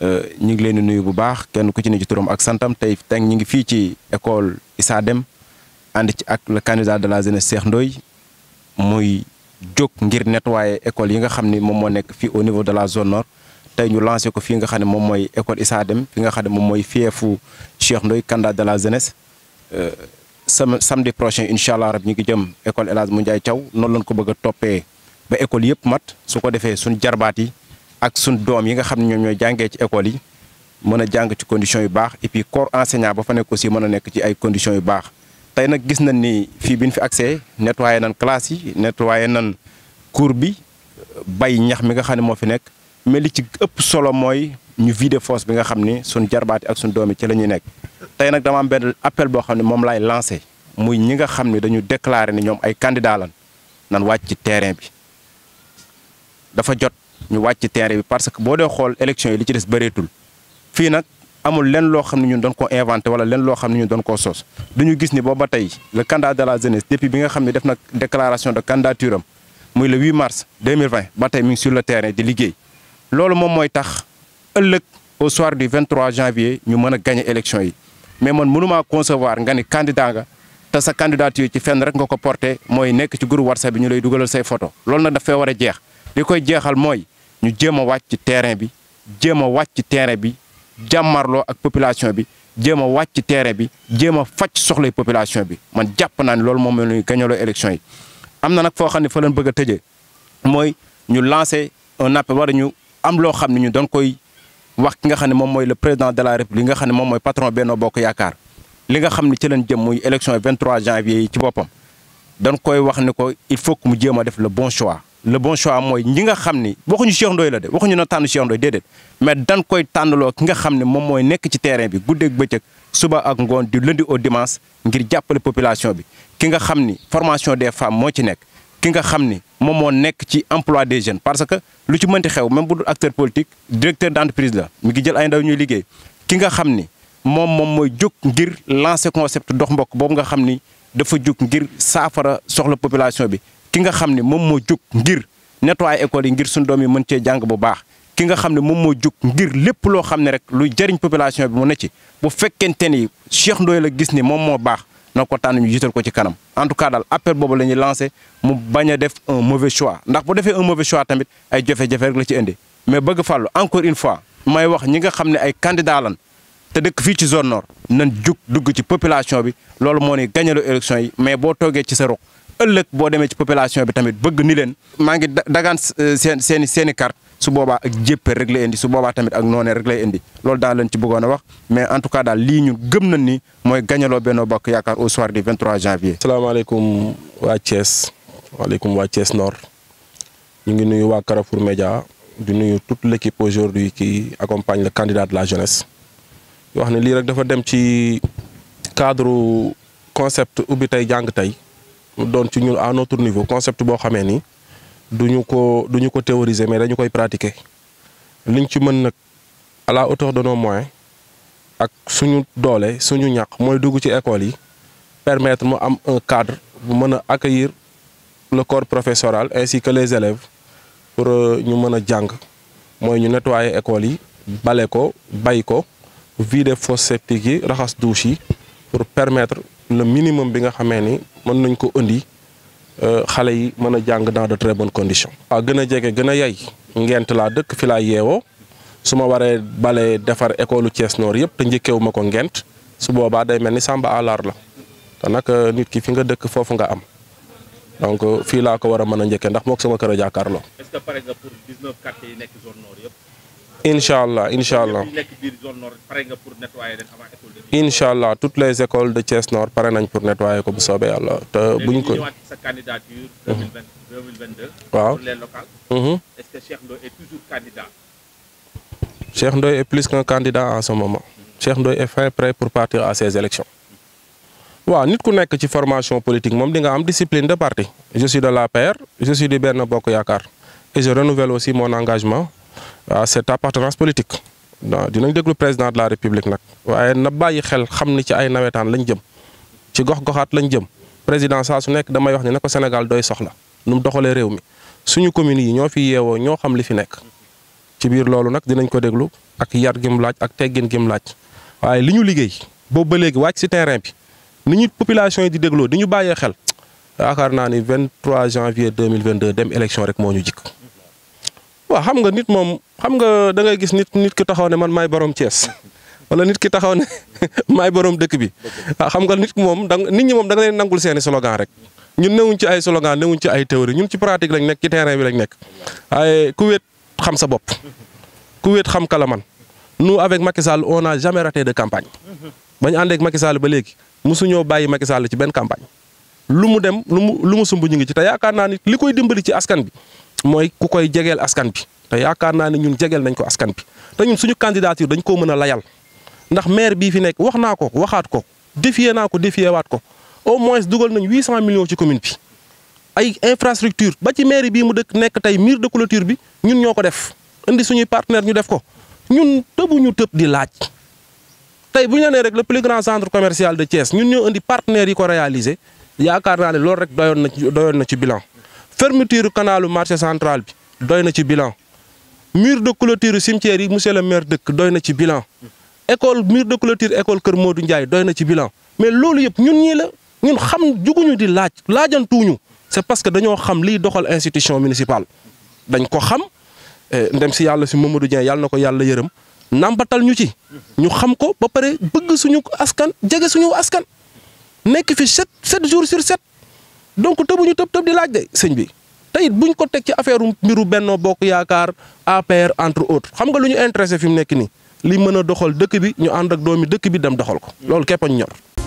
Euh, ñu ngi leen di nuyu bu baax kenn ku ci ne ci turam ak santam tey tey ñu ngi fii ci école Issa dem ànd ci ak le candidat de la jeunesse Cheikh ndoy muy jóg ngir nettoyer école yi nga xam ni moom moo nekk fii au niveau de la zone nord tey ñu lancé ko fii nga xam ne moom mooy école Issa Dème fi nga xam ne moom mooy fiefu Cheikh Ndoye candidat de la jeunesse euh, sam samedi prochain incha allah rab ñu ngi jëm école El mu Moundiaye Thiaw noonu lañ ko bëgg a toppee ba école yëpp mat su ko defee suñ jarbaat yi ak suñ doom yi nga xam ne ñoom ñooy jàngee ci école yi mën a jàng ci conditions yu baax et puis corps enseignant ba fa nekk aussi mën a nekk ci ay conditions yu baax tey nag gis nañ ni fii bi ñu fi accès nettoyé nan classe yi nettoyé nan cour bi bay ñax mi nga xam ne moo fi nekk mais li ci ëpp solo mooy ñu vider fosse bi nga xam ni suñ jarbaati ak suñ doom yi ci la ñuy nekk tey nag dama am benn appel boo xam ne moom laay lancé muy ñi nga xam ni dañu déclaré ni ñoom ay candidat lan nan wàcc ci terrain bi dafa jot ñu wàcc ci terrain bi parce que bo do xol élection yi li ci des bëreetul fi nak amul lenn lo xamni ne ñun doon koo inventé wala lenn lo xamni ne ñun doon koo sos duñu gis ni booba tey le candidat de la jeunesse depuis bi nga xamni def nak déclaration de candidature muy le 8 mars 2020 ba tey mi ngi sur le terrain di liggéey loolu mom moy tax ëllëg au soir du 23 janvier ñu mën gagner élection yi mais man mënumaa concevoir nga ni candidat nga ta sa candidature ci fenn rek nga ko porter moy nek ci groupe WhatsApp bi ñu lay duggal say photo loolu nak dafay war wara jeex likoy koy jeexal mooy ñu devons a terrain bi devons a wàcc terrain bi jamarlo ak population bi devons a wàcc terrain bi devons a faj soxlay population bi man japp nan l'ol mom moom la ñuy élection yi. amna nak fo xamni fa leen bëgg a moy ñu lancer un appel war ñu am lo xamni ñu doon koy wax ki nga xamni mom moy le président de la république nga xamni mom moy patron Benno Bokk yakar li nga xamni ci lañ jëm moy élection 23 janvier ci bopam dañ koy wax ni ko il faut que mu jema def le bon choix le bon choix moy ñi nga xamni waxu ñu Cheikh ndoy la de ñu na tànn Cheikh ndoy dédé mais dañ koy tànnaloo ki nga xamni ne moy nek ci terrain bi ak bëcëk suba ak ngon du lundi au dimanche ngir jappalé population bi ki nga xamni formation des femmes mo ci nek ki nga xamni ni moom moo ci emploi des jeunes parce que lu ci mënti xew même bu acteur politique directeur d'entreprise la mi ngi jël ay ndaw ñuy liggé ki nga xamni mom mom moy juk ngir lancer concept dox mbokk boobu nga xamni dafa juk ngir saafara soxla population bi ki nga xamne mom mo juk ngir nettoyer école ngir sun doomi mën ci jang bu baax ki nga xamne mom mo juk ngir lepp lo xamne rek lu jëriñ population bi mo ne bu fekkente ni Cheikh Ndoye la gis ni mom mo baax na ko ñu jittal ko ci kanam en tout cas dal appel bobu la lancer mu baña def un mauvais choix ndax bu defé un mauvais choix tamit ay jafe-jafe rek la ci indi mais bëgg fallu encore une fois may wax ñi nga xam ay candidat lan te dëkk fi ci zone nord nañ juk dugg ci population bi loolu moo ni lo élection yi mais bo toogee ci sa ëllëg boo demee ci population bi tamit bëgg ni leen maa ngi dagaan euh, seen seen seen i su boobaa ak jéppee rek indi su boobaa tamit ak noonee rek lay indi loolu daal leen ci bëggoon a wax mais en tout cas daal lii ñun gëm nañ ni mooy gañaloo Benno Bokk Yaakaar au soir du 23 janvier. salaamaaleykum waa Thiès waaleykum waa ñu ngi nuyu waa Carrefour Média di nuyu toute l' équipe aujourd'hui qui accompagne le candidat de la jeunesse yoo ne lii rek dafa dem ci cadre concept ubbi tey jàng tey. Donc, ci à notre niveau concept bo xamé ni duñu ko duñu théoriser mais dañu koy pratiquer liñ ci à la hauteur de nos moyens ak suñu doolé suñu ci école yi permettre un cadre bu accueillir le corps professoral ainsi que les élèves pour euh, ñu nettoyer école yi ko ko vider fosse pour permettre le minimum bi nga xamee ni mën nañ ko indi euh, xale yi mën a dans de très bonnes conditions. a jege gën a yay ngent laa dëkk fi laa yeewoo école ko ngent su day Samba Alar la te euh, nit ki fi nga dëkk nga am donc euh, fii laa ko wara a mën ndax sama kër est-ce que pour 19 quartiers yi zone Inch'Allah, Inch'Allah, Inch'Allah, toutes les écoles de Thiès Nord prennent pour nettoyer ko bu soobee candidature, 2022, mhm. pour les locales, mhm. est-ce que Cheikh Ndoye est toujours candidat. Cheikh Ndoye est plus qu'un candidat en ce moment. Cheikh Ndoye est fin prêt pour partir à ces élections. Oui, nit ku nekk ci formation politique nous di nga discipline de parti. je suis de la paire, je suis du Benno Bokk et je renouvelle aussi mon engagement. à cette appartenance politique dinañ déglu président de la république nag waaye na bàyyi xel xam ni ci ay nawetaan lañ jëm ci gox-goxaat lañ jëm président saa su nekk damay wax ni na ko Sénégal doy soxla nu mu doxalee réew mi suñu communes yi ñoo fi yeewoo ñoo xam li fi nekk ci biir loolu nag dinañ ko déglu ak yar gim laaj ak teggin gim laaj waaye li ñu liggéey boobu ba léegi wàcc si terrain bi ni ñu population yi di dégloo di ñu bàyyee xel yaakaar naa ni 23 janvier 2022 dem élection rek moo ñu jikk wa xam nga nit mom, xam nga da ngay gis nit nit ki taxaw ne man maay borom wala nit ki taxaw ne maay borom dëkk bi xam nga nit mom, da nit ñi moom da nga leen nangul seeni slogan rek ñun newuñ ci ay slogan newuñ ci ay théorie ñun ci pratique lañ nek ci terrain bi lañ nekk ay ku wéet xam sa bopp ku wéet xam kala man nous avec Macky Sall on n'a jamais raté de campagne bañ àndee ak Macky Sall ba léegi mosuñoo bàyyi Macky Sall ci benn campagne lu mu dem lu mu lu mu ngi ci dimbali ci askan bi mooy ku koy jegeel askan bi te yaakaar naa ne ñun jegeel nañ ko askan bi te ñun suñu candidature dañ koo mën a layal ndax maire bii fi nekk wax naa ko waxaat ko défier naa ko défier waat ko au moins dugal nañ 800 millions ci commune bi ay infrastructure ba ci maire bii mu dëkk nekk tey mur de clôture bi ñun ñoo ko def indi suñuy partenaire ñu def ko ñun tëbuñu tëb di laaj tey bu ñu nee rek le plus grand centre commercial de Thiès ñun ñoo indi partenaires yi ko réaliser yaakaar naa ne loolu rek doyoon na doyoon na ci bilan fermeture canalu marché centrale bi doy na ci bilan mur de sim cimetière yi monsieur le maire dëkk doy na ci bilan école mur de clôture école Kër Modou Ndiaye doy na ci bilan mais loolu yëpp ñun ñii la ñun xam juguñu di laaj laajantuuñu c'est parce que dañoo xam liy doxal institution municipale dañ ko xam eh, ndem si yàlla si Mamadou Dieng yàlla na ko yàlla yërëm nambatal ñu ci ñu xam ko ba pare bëgg suñu askan jege suñu askan nekk fi sept sept jours sur sept donc tëbuñu tëb tëb di laaj de sëñ bi teyit bu ñu ko teg ci affaire mbiru Benno Bokk Yaakaar APR entre autres xam nga lu ñu intéressé fi mu nekk nii li mën a doxal dëkk bi ñu ànd ak doomi dëkk bi dem doxal ko loolu képp a ñor.